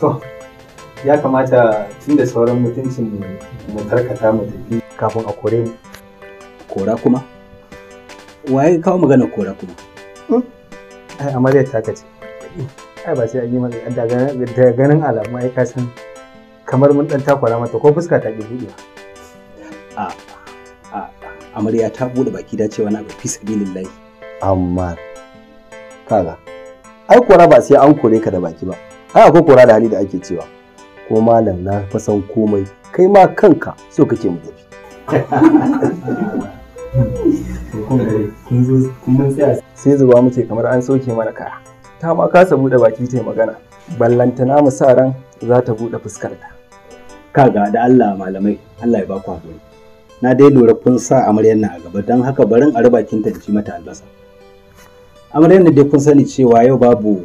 To, ya kamata tun da sauran mutuncin mu tarkata mu tafi kafin a kore mu. Kora kuma? Waye kawo magana kora kuma? Hmm? Ai, amarya ta kace. Ai, ba sai an yi magana da ganin alamu ai ka san kamar mun dan takwara mata ko fuska ta ki buɗewa. A a amarya ta bude baki da cewa na ga fi sabilillahi. Amma kaga ai kora ba sai an kore ka da baki ba. ai akwai kora da hali da ake cewa ko malam na fasan komai kai ma kanka so kake mu tafi sai zuba mu ce kamar an soke mana kaya ta ma kasa bude baki ta magana na mu sa ran za ta bude fuskar ta kaga da Allah malamai Allah ya ba ku hakuri na dai lura kun sa amaryar na a gaba don haka barin a raba kinta mata albasa amaryar nan dai kun sani cewa yau babu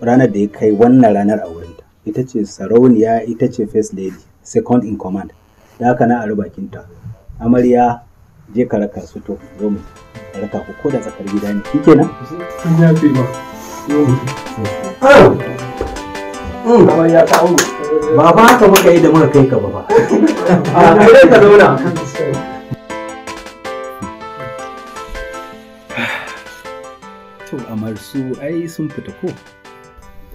ranar da ya kai wannan ranar a wurinta ita ce sarauniya ita ce first lady second in command da haka na a rubakinta amarya je ka raka su to zo mu raka ku ko da tsakar gida ne shi nan sun ya fi ba amarya ta auru ba ba ka muka yi da muka kai ka ba ba a kai ka zauna to amarsu ai sun fita ko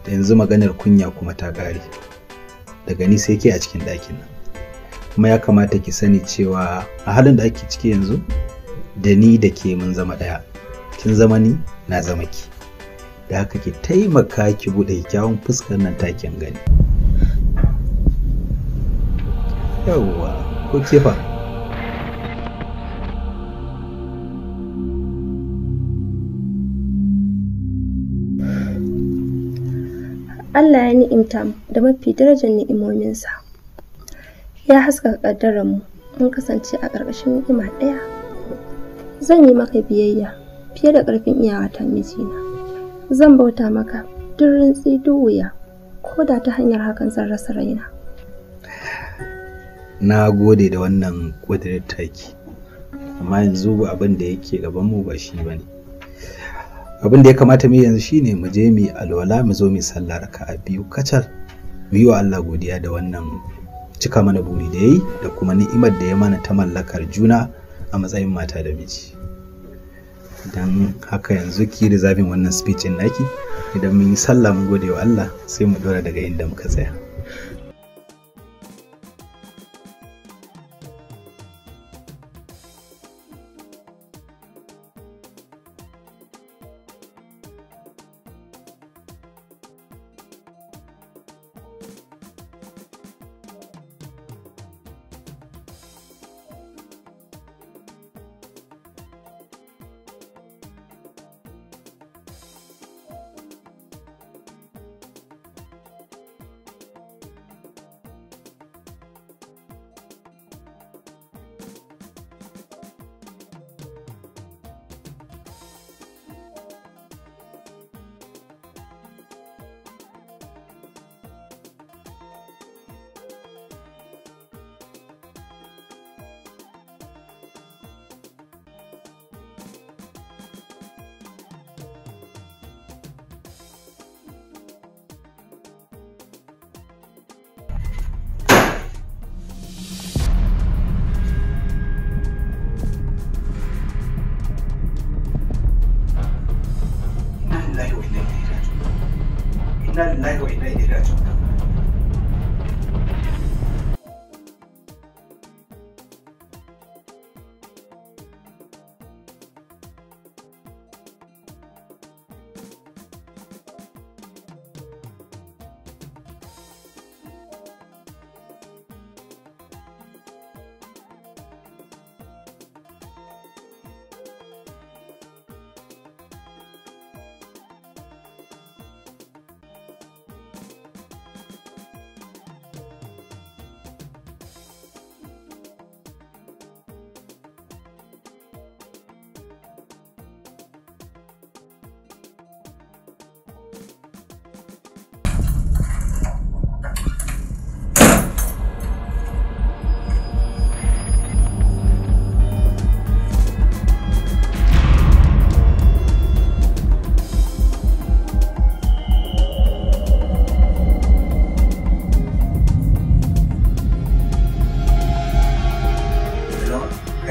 da yanzu maganar kunya kuma ta ƙare daga ni sai ke a cikin ɗakin nan kuma ya kamata ki sani cewa a halin da ake ciki yanzu da ni da ke mun zama ɗaya kin zama ni na zama ki da haka ki taimaka ki buɗe kyawun fuskar nan takin gani yawwa ko kefa Allah ya ni'imta mu da mafi darajar ni'imominsa. Ya haska ƙaddarar mu mun kasance a ƙarƙashin ni'ima ɗaya. Zan yi maka biyayya fiye da ƙarfin iyawata mijina. Zan bauta maka duk rintsi duk wuya ko da ta hanyar hakan zan rasa raina. Na gode da wannan ƙudurin taki, amma yanzu abin da yake gabanmu ba shi ba ne. abin da ya kamata mu yanzu shine mu je mu alwala mu zo mu sallah raka'a biyu kacal mu yi wa Allah godiya da wannan cika mana buri da yayi da kuma ni'imar da ya mana ta mallakar juna a matsayin mata da miji dan haka yanzu ki da wannan speech naki idan mun yi sallah mu gode wa Allah sai mu dora daga inda muka tsaya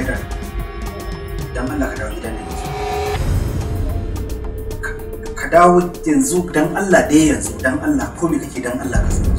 Haidar, don Allah ka dawo gidan nan yanzu. Ka dawo yanzu don Allah dai yanzu don Allah ko me kake don Allah ka zo.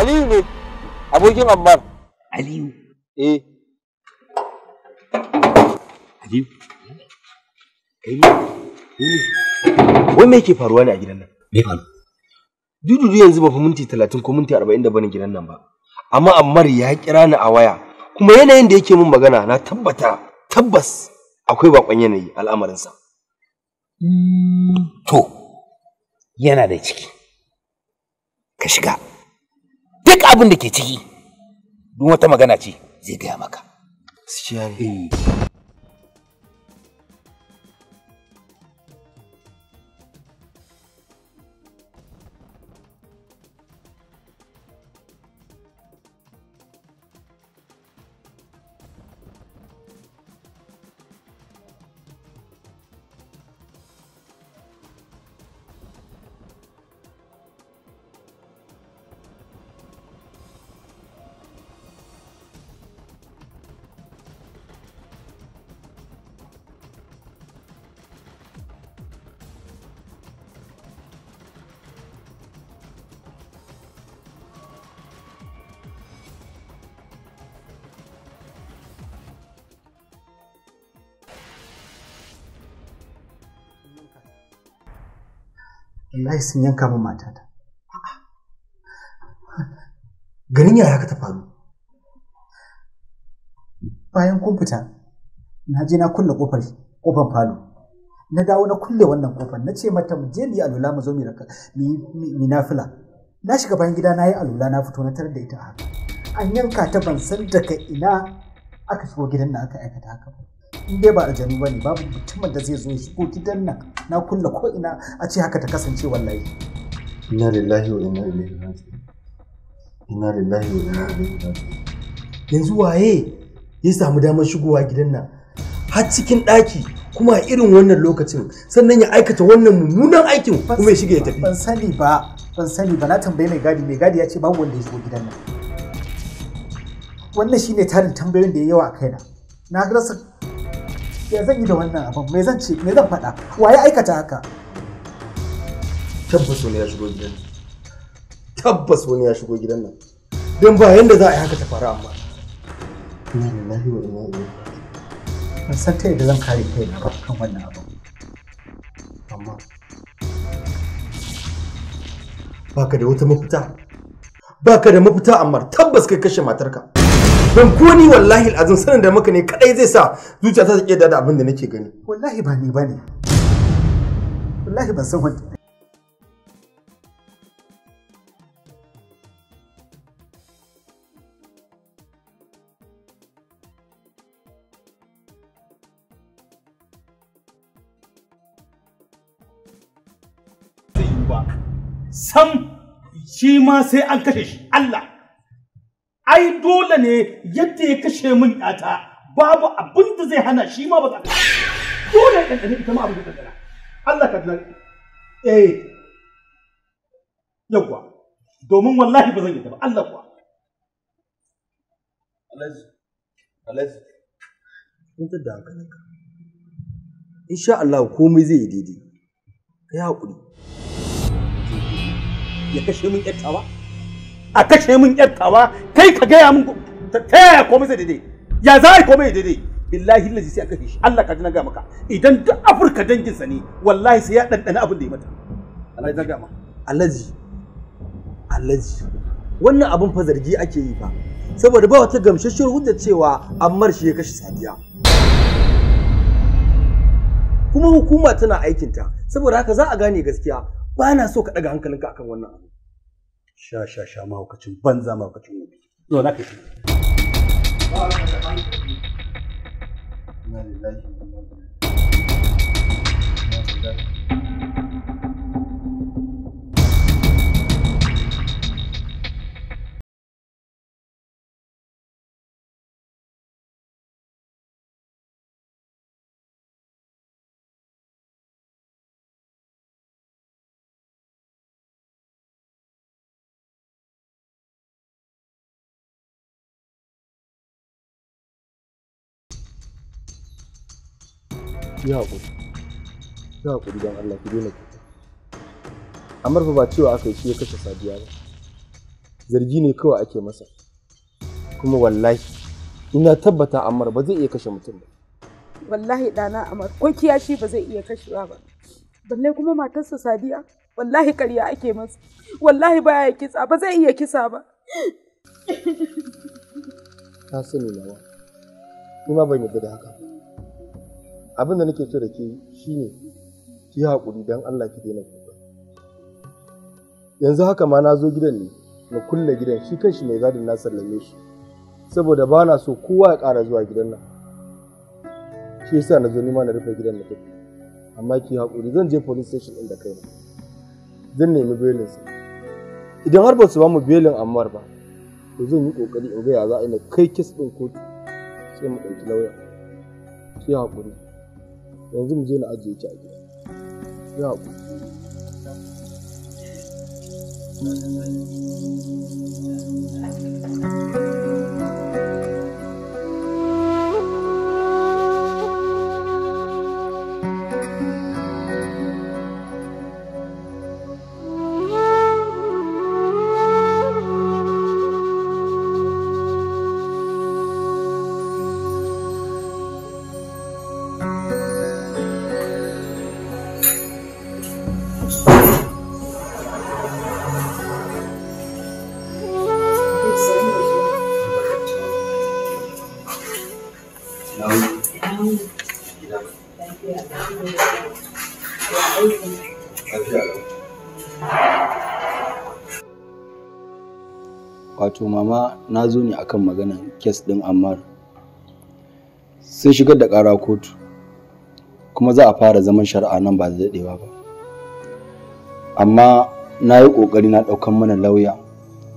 Aliyu ne abokin Ammar. Aliyu? Eh. Aliyu? Kai ne? Wai me yake faruwa ne a gidan nan? Me faru? Dududu yanzu ba fi minti talatin ko minti arba'in da bane gidan nan ba. Amma Ammar ya kira ni a waya kuma yanayin da yake min magana na tabbata tabbas akwai bakon yanayi al'amarinsa. To, yana da ciki. Ka shiga. duk abin da ke ciki duk wata magana ce zai gaya maka. wallahi sun yanka min matata ganin yaya haka ta faru bayan kun fita na je na kulle kofar kofar falo na dawo na kulle wannan kofar na ce mata mu je mu yi alula mu zo mu yi nafila na shiga bayan gida na yi alula na fito na tarar da ita haka an yanka ta ban san daga ina aka shigo gidan na aka aikata haka ba in dai ba aljanu ba ne babu mutumin da zai zo ya shigo gidan nan na kulle ko ina a ce haka ta kasance wallahi inna lillahi wa inna ilaihi raji'un inna lillahi wa inna ilaihi raji'un yanzu waye ya samu damar shigowa gidan nan har cikin daki kuma a irin wannan lokacin sannan ya aikata wannan mummunan aikin kuma ya shiga ya tafi ban sani ba ban sani ba na tambayi mai gadi mai gadi ya ce babu wanda ya shigo gidan nan wannan shine tarin tambayoyin da ya yawa a kaina na rasa ya zan yi da wannan abin Mai zan ce me zan faɗa wa ya aikata haka tabbas wani ya shigo gidan tabbas wani ya shigo gidan nan don ba yadda za a yi haka ta faru amma ina ne lahi wa ina ne ban san ta yadda zan kare kai na kan wannan abin amma baka da wata mafita baka da mafita amma tabbas kai kashe matarka don ko ni wallahi azin sanin da maka ne kadai zai sa zuciya ta take da abin da nake gani wallahi ba ni bane wallahi ban san wanda sam shi ma sai an kashe shi Allah ai dole ne yadda ya kashe min yata babu abin da zai hana shi ma ba ta dole ya kankana ita ma abin da ɗanɗana Allah ka ɗanɗana eh yawwa domin wallahi ba zan yi ba Allah kuwa Alhaji in kuntar da ka. insha Allah komai zai yi daidai ka yi haƙuri ya kashe min ƴattawa a kashe min yattawa kai ka gaya min ta yaya komai zai daidai ya za a yi komai daidai billahi lazi sai kashe shi Allah ka ji na ga maka idan duk afirka danginsa ne wallahi sai ya ɗanɗana abin da ya mata Allah na ga ma alaji alaji wannan abin fa zargi ake yi fa saboda ba wata gamsasshiyar hujja cewa ammar shi ya kashe sadiya kuma hukuma tana aikinta saboda haka za a gane gaskiya ba na so ka ɗaga hankalinka akan wannan abu sha sha sha mahaukacin banza mahaukacin wani zo na kai Thank you. ki haƙuri ki haƙuri don Allah ki daina kyauta Amar ba cewa aka yi shi ya kashe Sadiya ba zargi ne kawai ake masa kuma wallahi ina tabbata Amar ba zai iya kashe mutum ba wallahi ɗana Amar ko kiyashi ba zai iya kashewa ba balle kuma matarsa Sadiya wallahi ƙarya ake masa wallahi baya kisa ba zai iya kisa ba ta sani nawa ni ma ban yarda da haka abin da nake so da ke shi ne ki haƙuri don Allah ki daina kuka yanzu haka ma na zo gidan ne na kulle gidan shi kanshi mai gadin na sallame shi saboda ba na so kowa ya ƙara zuwa gidan nan shi yasa na zo nima na rufe gidan na tafi amma ki haƙuri zan je police station ɗin da kaina zan nemi belin sa idan har ba su ba mu belin ammar ba to zan yi ƙoƙari in ga ya za a yi na kai kes ɗin kotu sai mu ɗauki lauya ki haƙuri yanzu mu je na ajiye ki a gida ya haƙuri wato mama na zo ne akan maganan kes ɗin ammar sun shigar da ƙara kotu kuma za a fara zaman shari'a nan ba da daɗewa ba amma na yi ƙoƙari na ɗaukan mana lauya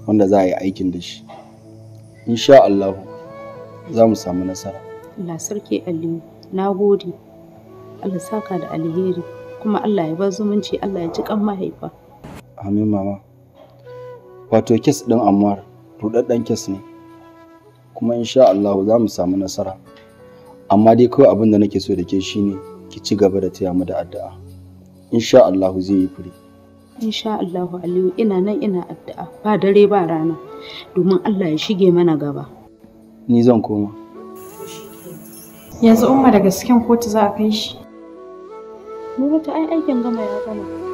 wanda za a yi aikin da shi insha Allah za mu samu nasara Allah sarki Aliyu na gode Allah saka da alheri kuma Allah ya bar zumunci Allah ya ji kan mahaifa amin mama wato kes ɗin Ammar rudaddan kes ne kuma insha Allah za mu samu nasara amma dai kawai abin da nake so da ke shine ki ci gaba da taya mu da addu'a insha Allah zai yi fure insha Allah Aliyu ina nan ina addu'a ba dare ba rana domin Allah ya shige mana gaba ni zan koma yanzu umma da gasken kotu za a kai shi ta ai aikin gama ya gama